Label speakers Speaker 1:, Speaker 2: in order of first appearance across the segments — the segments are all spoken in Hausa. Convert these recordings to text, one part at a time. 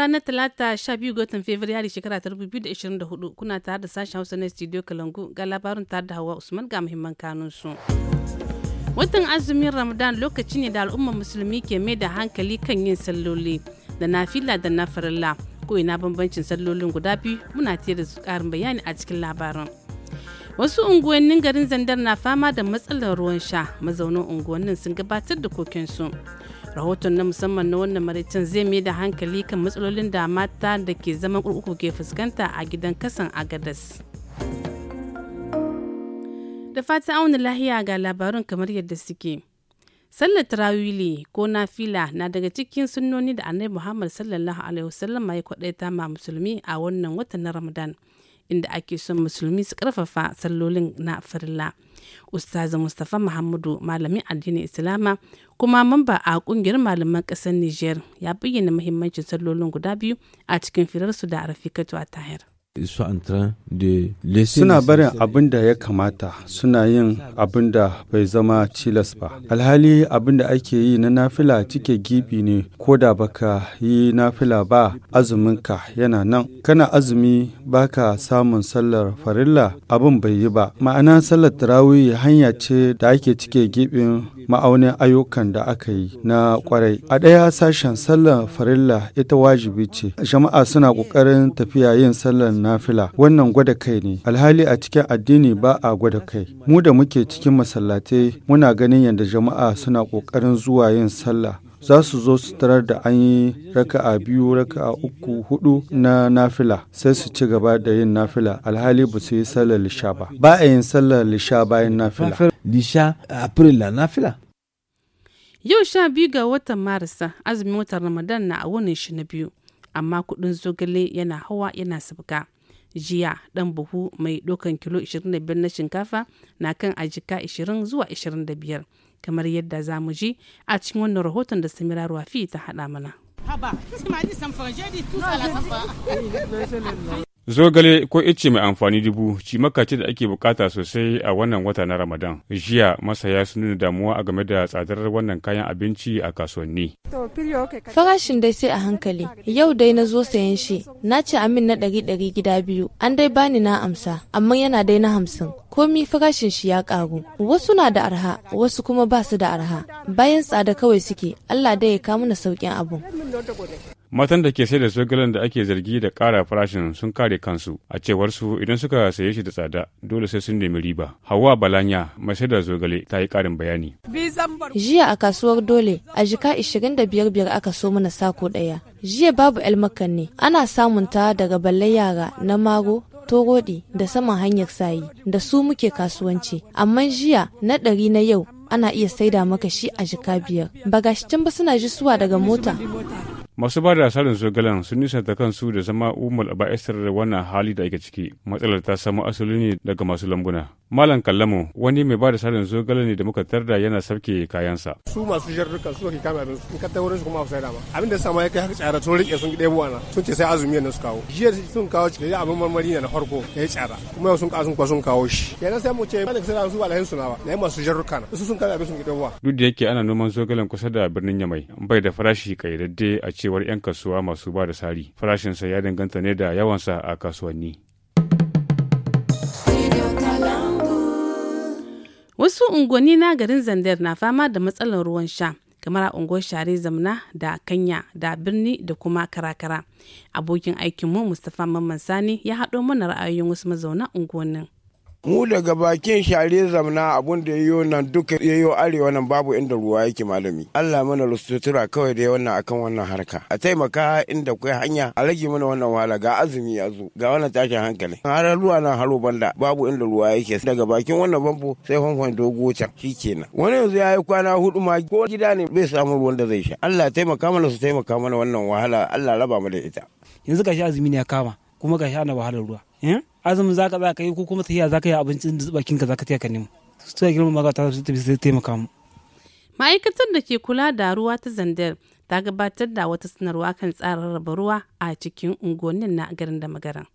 Speaker 1: ranar talata 12 ga watan fabrairu shekara ta 2024 kuna tare da sashen hausa na studio kalangu ga labarin tare da hawa usman ga muhimman kanun su watan azumin ramadan lokaci ne da al'ummar musulmi ke mai da hankali kan yin salloli da na fila da na farilla ko ina bambancin sallolin guda biyu muna tare da karin bayani a cikin labarin wasu unguwannin garin zandar na fama da matsalar ruwan sha mazaunan unguwannin sun gabatar da kokensu rahoton na musamman na wannan maraicin zai mai da hankali kan matsalolin da mata da ke zaman kurkuku ke fuskanta a gidan kasan agadas da fata auna lahiya ga labarun kamar yadda suke sallar tarawili ko fila na daga cikin sunnoni da annabi muhammad sallallahu alaihi wasallam ya kwadaita ma musulmi a wannan watan na ramadan inda ake son musulmi su karfafa sallolin na farilla ustaz mustapha muhammadu malamin addinin islama kuma mamba a kungiyar malaman kasar niger ya bayyana muhimmancin sallolin guda biyu a cikin firarsu da rafikatu a tahir
Speaker 2: Suna barin abin da ya kamata suna yin abin da bai zama cilas ba. Alhali abin da ake yi na nafila cike gibi ne ko da baka yi nafila ba azuminka yana nan. Kana azumi baka samun sallar farilla abin bai yi ba. Ma'ana sallar tarawih hanya ce da ake cike gibin ma'aunin ayyukan da aka yi na kwarai. A ɗaya sashen sallar farilla ita wajibi ce. Jama'a suna ƙoƙarin tafiya yin sallar nafila wannan gwada kai ne alhali a cikin addini ba a gwada kai mu da muke cikin masallatai muna ganin yadda jama'a suna ƙoƙarin zuwa yin sallah za su zo su tarar da an yi raka'a biyu raka'a uku hudu na nafila sai su ci gaba da yin nafila alhali ba su yi sallar lisha ba ba a yin sallar lisha bayan nafila lisha nafila
Speaker 1: yau sha biyu ga watan marisa azumin watan ramadan na a wani shi na biyu amma kudin zogale yana hawa yana sabga jiya dan buhu mai dokan kilo 25 na shinkafa na kan ajika 20 zuwa 25 kamar yadda za mu ji a cikin wannan rahoton da samira ruwafi ta hada mana.
Speaker 3: Zogale ko icce mai amfani dubu maka ce da ake bukata sosai a wannan wata na Ramadan. Jiya masaya sun nuna damuwa a game da tsadar wannan kayan abinci a kasuwanni.
Speaker 4: Farashin dai sai a hankali. Yau dai na zo sayan shi. Na ce amin na ɗari ɗari gida biyu. An dai bani na amsa, amma yana dai na hamsin. komi farashin shi ya karu wasu na da arha wasu kuma ba su da arha bayan tsada kawai suke allah dai ya kawo na sauƙin abu.
Speaker 3: Matan da ke sai da zogalen da ake zargi da kara farashin sun kare kansu, a cewar su idan suka saye shi da tsada dole sai sun nemi riba. Hawa Balanya mai sai da zogale ta yi ƙarin bayani.
Speaker 4: Jiya a kasuwar dole a jika 25 aka so mana sako ɗaya. Jiya babu elmakan ne, ana ta daga balle yara na mago togodi da saman hanyar sayi da su muke kasuwanci amma jiya na ɗari na yau ana iya saida maka shi a jika biyar ba can ba suna jisuwa daga mota
Speaker 3: masu ba da asalin zogalen sun nisanta kansu da zama umar ba da wannan hali da ake ciki matsalar ta samu asali ne daga masu lambuna malam kallamu wani mai ba da asalin zogalan ne da muka tarda yana sabke kayansa su masu jarruka su ke kama abinsu in ka ta wurin su kuma sai ba abin da a ya kai haka tsara sun rike sun a na sun ce sai azumi ne su kawo jiya sun kawo cikin abin marmari ne na farko ya yi tsara kuma sun kawo sun kwa sun kawo shi kenan sai mu ce ba da suna ba na yi masu jarruka na su sun kama abin sun duk da yake ana noman zogalen kusa da birnin yamai bai da farashi kayyadadde a ce cewar 'yan kasuwa masu ba da sari farashinsa ya danganta ne da yawansa a kasuwanni
Speaker 1: wasu unguwanni na garin zandar na fama da matsalar ruwan sha kamar a unguwar share zamna da kanya da birni da kuma karakara abokin aikinmu mustapha mamman sani ya haɗo mana ra'ayoyin wasu mazauna unguwannin
Speaker 3: mu daga bakin share zamna abun da yayo nan duka yayo arewa nan babu inda ruwa yake malami Allah mana rusutura kawai da wannan akan wannan harka a taimaka inda kai hanya a rage mana wannan wahala ga azumi ya zo ga wannan tashin hankali har ruwa nan haro banda babu inda ruwa yake daga bakin wannan famfo sai famfon dogo can shikenan wani yanzu yayi kwana hudu ma ko gida ne bai samu ruwan da zai sha Allah taimaka mana su taimaka mana wannan wahala Allah raba mu da ita yanzu ka sha azumi ne ya kama kuma ka sha ana wahalar ruwa eh? azumin za ka ba ka yi ko kuma tafiya za ka yi abincin da zuba ka za ka tafiya ka nemo su ya girma maga ta su tafi sai taimaka mu.
Speaker 1: ma'aikatar da ke kula da ruwa ta zandar ta gabatar da wata sanarwa kan tsarin raba ruwa a cikin unguwannin na garin da magaran.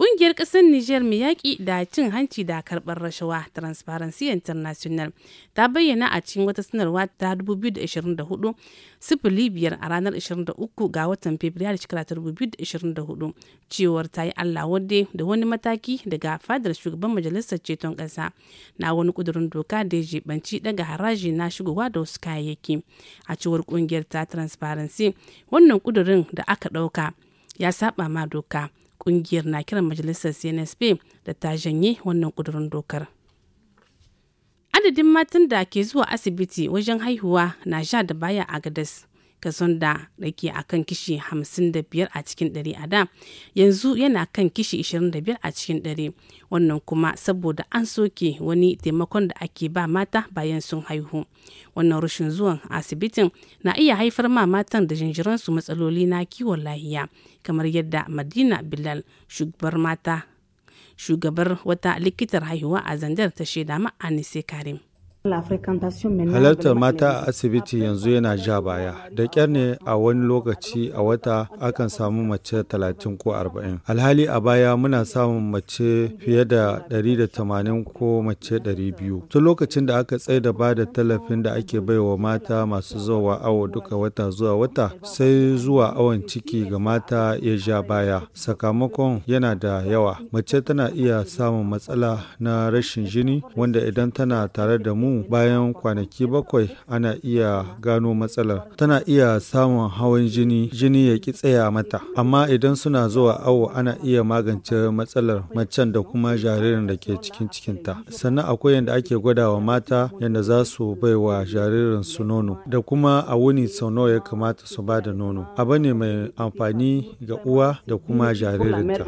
Speaker 1: Ƙungiyar ƙasar Nijar mai yaƙi da cin hanci da karɓar rashawa Transparency International ta bayyana a cikin wata sanarwa ta 2024 sifili biyar a ranar 23 ga watan Fabrairu shekara 2024 cewar ta yi Allah wadde da wani mataki daga fadar shugaban majalisar ceton ƙasa na wani ƙudurin doka da ya jibanci daga haraji na shigowa da wasu kayayyaki a cewar ƙungiyar ta Transparency wannan ƙudurin da aka ɗauka ya saba ma doka. kungiyar na kiran majalisar cnsp da ta janye wannan kudurin dokar adadin matan da ke zuwa asibiti wajen haihuwa na sha da baya a gadas kason da rage a kan kishi 55 a cikin ɗari a da yanzu yana kan kishi 25 a cikin ɗari wannan kuma saboda an soke wani taimakon da ake ba mata bayan sun haihu wannan rashin zuwan asibitin na iya haifar ma matan da jinjiransu matsaloli na kiwon lahiya kamar yadda madina bilal shugabar mata shugabar wata likitar haihuwa a zandar ta shaida ma anise karim Halartar mata a
Speaker 2: asibiti yanzu yana ja baya. Da ƙyar ne a wani lokaci a wata akan samu mace 30 ko 40. Alhali a baya muna samun mace fiye da 180 ko mace 200. Tun lokacin da aka tsaye da bada tallafin da ake baiwa mata masu zuwa awo duka wata zuwa wata sai zuwa awon ciki ga mata ya ja baya. Sakamakon yana da yawa. Mace tana iya samun matsala na rashin jini wanda idan tana tare da mu mu bayan kwanaki bakwai ana iya gano matsalar tana iya samun hawan jini jini ya ki tsaya mata amma idan suna zuwa awo ana iya magance matsalar macen da kuma jaririn da ke cikin cikinta sannan akwai yadda ake gwadawa mata yadda za su bai wa jaririn su nono da kuma a wuni sau nawa ya kamata su ba da nono abu ne mai amfani ga uwa da kuma jaririnta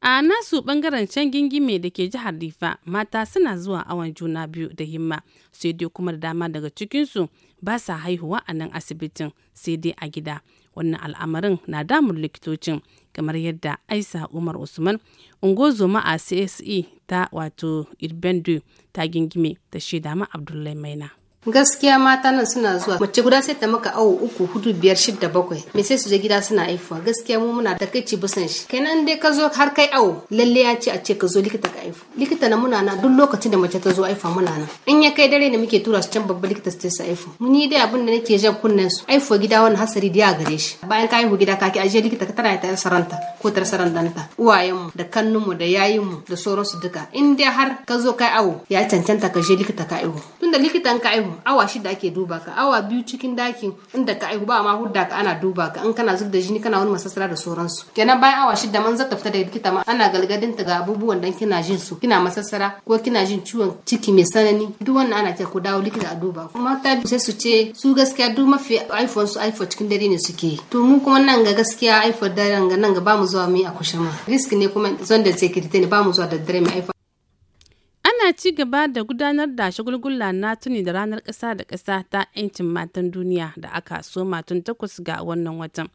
Speaker 1: a nasu bangaren can gingime da ke jihar rifa mata suna zuwa awon juna biyu da himma sai dai kuma da dama daga cikinsu ba sa haihuwa a nan asibitin sai dai a gida wannan al'amarin na damun likitocin kamar yadda aisa umar usman ungozoma a cse ta wato irbendu ta gingime ta shaida ma abdullahi maina
Speaker 5: gaskiya mata nan suna zuwa mace guda sai ta maka awo uku hudu biyar shida bakwai me sai su je gida suna haifuwa gaskiya mu muna ci busan shi kenan dai ka zo har kai awo lalle ya ce a ce ka zo likita ka haifu likita na muna na duk lokacin da mace ta zo haifa muna na in ya kai dare ne muke tura su can babba likita su su haifu mu ni dai abin da nake jan kunnen su haifuwa gida wani hasari da ya gare shi bayan ka haihu gida ka ajiye likita ka tana ta saranta ko ta saranta uwayenmu da kannunmu da yayinmu da sauransu duka in dai har ka zo kai awo ya cancanta ka je likita ka haihu tunda likitan ka aihu awa shida ake duba ka awa biyu cikin dakin inda ka aihu ba ma hudda ka ana duba ka in kana zub da jini kana wani masasara da sauransu kenan bayan awa shida man zata fita da likita ma ana galgadin ta ga abubuwan dan kina jin su kina masasara ko kina jin ciwon ciki mai tsanani duk wannan ana ce ku dawo likita a duba kuma ta sai su ce su gaskiya duk mafi aifuwan su aifuwa cikin dare ne suke to mu kuma nan ga gaskiya aifuwar dare nan ga ba mu zuwa mu a kushe ma risk ne kuma zonda security ne ba mu zuwa da dare mai aifuwa
Speaker 1: Ana ci gaba da gudanar da shagulgula na tuni da ranar ƙasa da kasa ta 'yancin matan duniya da aka so tun takwas ga wannan watan.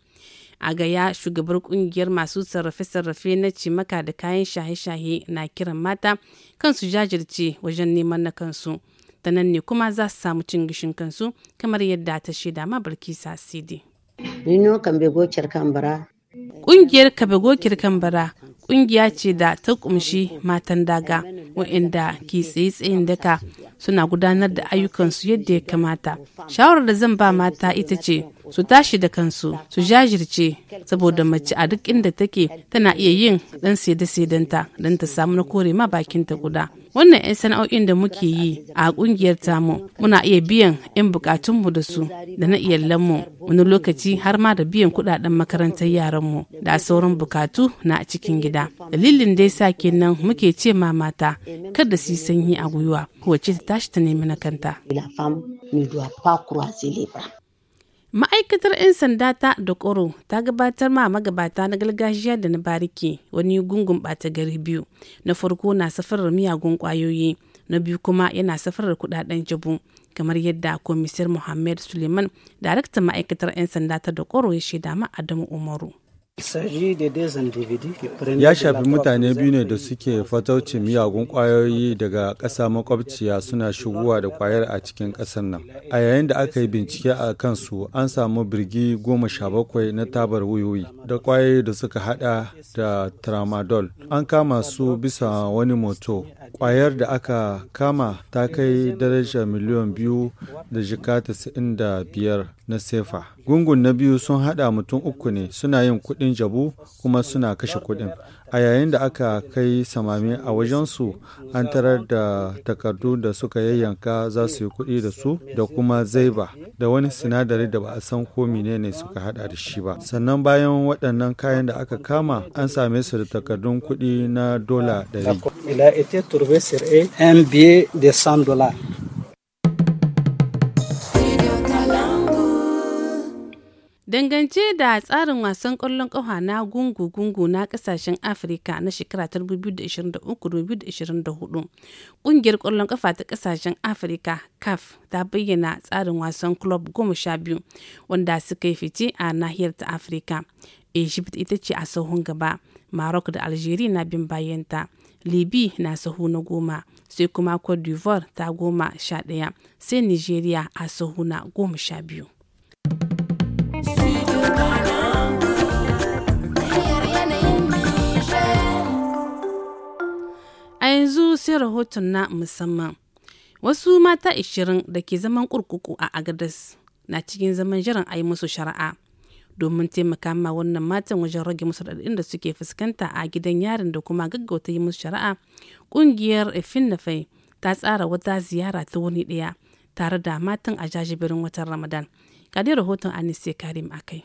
Speaker 1: A gaya shugabar kungiyar masu sarrafe-sarrafe na cimaka da kayan shahe-shahe na kiran mata kansu jajirce wajen neman na kansu. Ta nan ne kuma za su samu cin gishin kansu kamar yadda ta shaida ma barkisa Sidi.
Speaker 5: nino kan be gocar kan bara
Speaker 1: Ƙungiyar Kabagokir Kambara ƙungiya ce da ta ƙumshi matan daga waɗanda ke tsaye-tsayin daka suna gudanar da ayyukansu yadda ya kamata. Shawarar da zan ba mata ita ce su tashi da kansu su jajirce saboda mace a duk inda take tana iya yin ɗan saide-saidenta don ta samu na kore ma bakinta guda. wannan 'yan sana'o'in da muke yi a kungiyar tamu muna iya biyan 'yan bukatunmu da su da na iyalanmu wani lokaci har ma da biyan kudaden makarantar yaranmu da sauran bukatu na cikin gida dalilin da sa kenan muke ce ma mata kada su yi sanyi a gwiwa kowace ta tashi ta nemi na kanta. ma'aikatar 'yan sanda ta dokoro ta gabatar ma magabata na gargajiya da na bariki wani gungun bata gari biyu na farko na safarar miyagun kwayoyi na biyu kuma yana safarar kudaden jabu kamar yadda komisar muhammad suleiman daraktan ma'aikatar 'yan sanda ta dokoro ya shaida ma adamu umaru Ya shafi mutane
Speaker 2: biyu ne da suke fataucin miyagun ƙwayoyi daga ƙasa makwabciya suna shigowa da ƙwayar a cikin ƙasar nan. A yayin da aka yi bincike a kansu an samu birgi goma sha bakwai na tabar wuyoyi da ƙwayoyi da suka hada da tramadol. An kama su bisa wani moto Kwayar da aka kama ta kai daraja miliyan biyu da jika biyar na sefa. Gungun na biyu sun haɗa mutum uku ne suna yin kuɗin jabu kuma suna kashe kuɗin. a yayin da aka kai samami a wajensu an tarar da takardu da suka yayyanka za su yi kuɗi da su da kuma zaiba da wani sinadari da ba a san ko menene suka hada da shi ba sannan bayan waɗannan kayan da aka kama an same su da takardun kuɗi na dola 100
Speaker 1: Dangance da tsarin wasan ƙwallon ƙafa na gungu-gungu na ƙasashen Afirka na shekara 2023-2024, ƙungiyar kwallon ƙafa ta ƙasashen Afirka CAF ta bayyana tsarin wasan club goma sha biyu wanda suka yi fice a nahiyar ta Afirka. Egypt ita ce a sahun gaba, Maroc da Algeria na bin bayanta, libi na sahu na goma, sai kuma Cote d'Ivoire ta goma sha ɗaya, sai Nigeria a sahu na goma sha biyu. A yanzu sai rahoton na musamman. Wasu mata 20 da ke zaman kurkuku a Agadas na cikin zaman jiran a yi musu shari'a domin taimaka ma wannan matan wajen rage musu raɗaɗin da suke fuskanta a gidan yarin da kuma gaggauta yi musu shari'a. kungiyar Ƙungiyar nafai ta tsara wata ziyara ta wani ɗaya tare da matan a jajibirin watan Ramadan. kadai rahoton Anise Karim akai.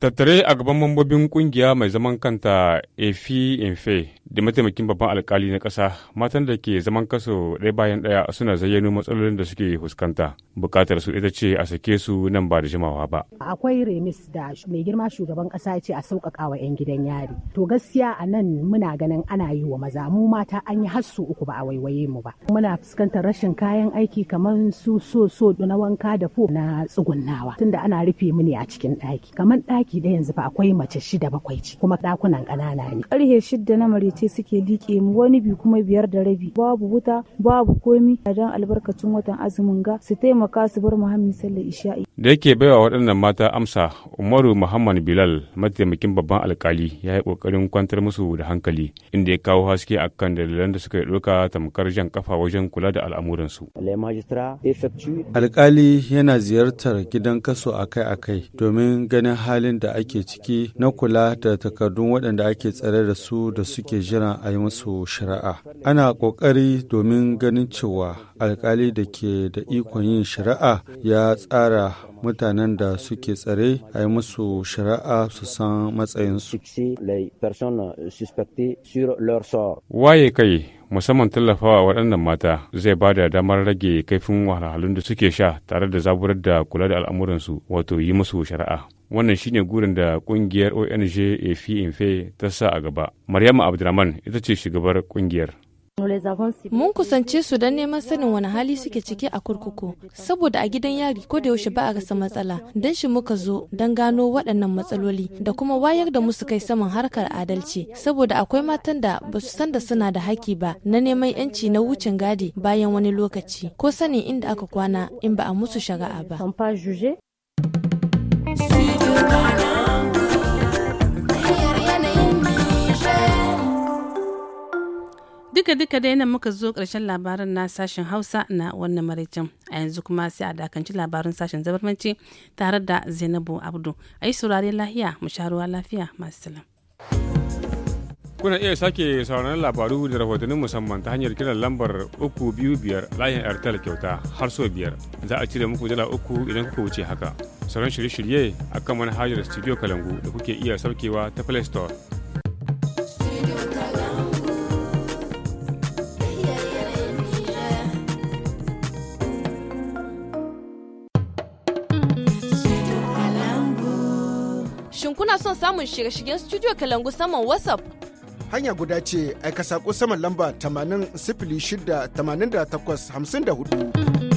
Speaker 3: Tattare a gaban mambobin kungiya mai zaman kanta Efi Infe da mataimakin babban alkali na kasa matan da ke zaman kaso ɗaya bayan ɗaya suna zayyano matsalolin da suke fuskanta. Bukatar su ita ce a sake su nan ba da jimawa ba.
Speaker 5: Akwai remis da mai girma shugaban ƙasa ce a sauƙaƙa wa 'yan gidan yari. To gaskiya a nan muna ganin ana yi wa maza mu mata an yi hasu uku ba a waiwaye mu ba. Muna fuskantar rashin kayan aiki kamar su so so na wanka da fo na tsugunnawa tunda ana rufe mu ne a cikin ɗaki. Kamar ɗaki baki da yanzu fa akwai mace shida bakwai ce kuma dakunan ƙanana ne ƙarhe shida na marece suke liƙe mu wani bi kuma biyar da rabi babu wuta babu komi dan albarkacin watan azumin ga su taimaka su bar muhammi sallar isha'i
Speaker 3: da yake baiwa waɗannan mata amsa umaru muhammad bilal mataimakin babban alkali ya yi ƙoƙarin kwantar musu da hankali inda ya kawo haske akan dalilan da suka yi ɗauka tamkar jan kafa wajen kula da al'amuransu
Speaker 2: alkali yana ziyartar gidan kaso akai-akai domin ganin halin da ake ciki na kula da takardun waɗanda ake tsare da su da suke jiran a yi musu shari'a. Ana ƙoƙari domin ganin cewa alkali da ke da ikon yin shari'a ya tsara mutanen da suke tsare a yi musu shari'a su san matsayinsu.
Speaker 3: Waye kai musamman tallafawa waɗannan mata zai ba da damar rage kaifin wahalhalun da suke sha tare da zaburar da kula da al'amuransu wato yi musu shari'a. wannan shine gurin da kungiyar ong AFINFE ta sa a gaba Maryamu abdulrahman ita ce shugabar kungiyar
Speaker 4: Mun kusance su don neman sanin wani hali suke ciki a kurkuku, saboda a gidan yari ko da yaushe ba a rasa matsala, don shi muka zo don gano waɗannan matsaloli da kuma wayar da musu kai saman harkar adalci, saboda akwai matan da ba su san da suna da haki ba na neman yanci na wucin gadi bayan wani lokaci ko sanin inda aka kwana in ba a musu shari'a ba.
Speaker 1: duka dai nan muka zo ƙarshen labarin na sashen hausa na wannan maraicin a yanzu kuma sai a dakanci labarin sashen zabarmanci tare da zainabu abdu a yi saurare lahiya mu ruwa lafiya masu salam.
Speaker 3: Kuna iya sake sauran labaru da rahotannin musamman ta hanyar kiran lambar 325 layin Airtel kyauta har so biyar. Za a cire muku dala uku idan kuka wuce haka. Sauran shirye-shirye a kan manhajar Studio Kalangu da kuke iya saukewa ta Play Store.
Speaker 4: Shin kuna son samun shirye-shiryen Studio Kalangu saman WhatsApp?
Speaker 2: hanya guda ce aika saƙo saman lamba 80 68 54.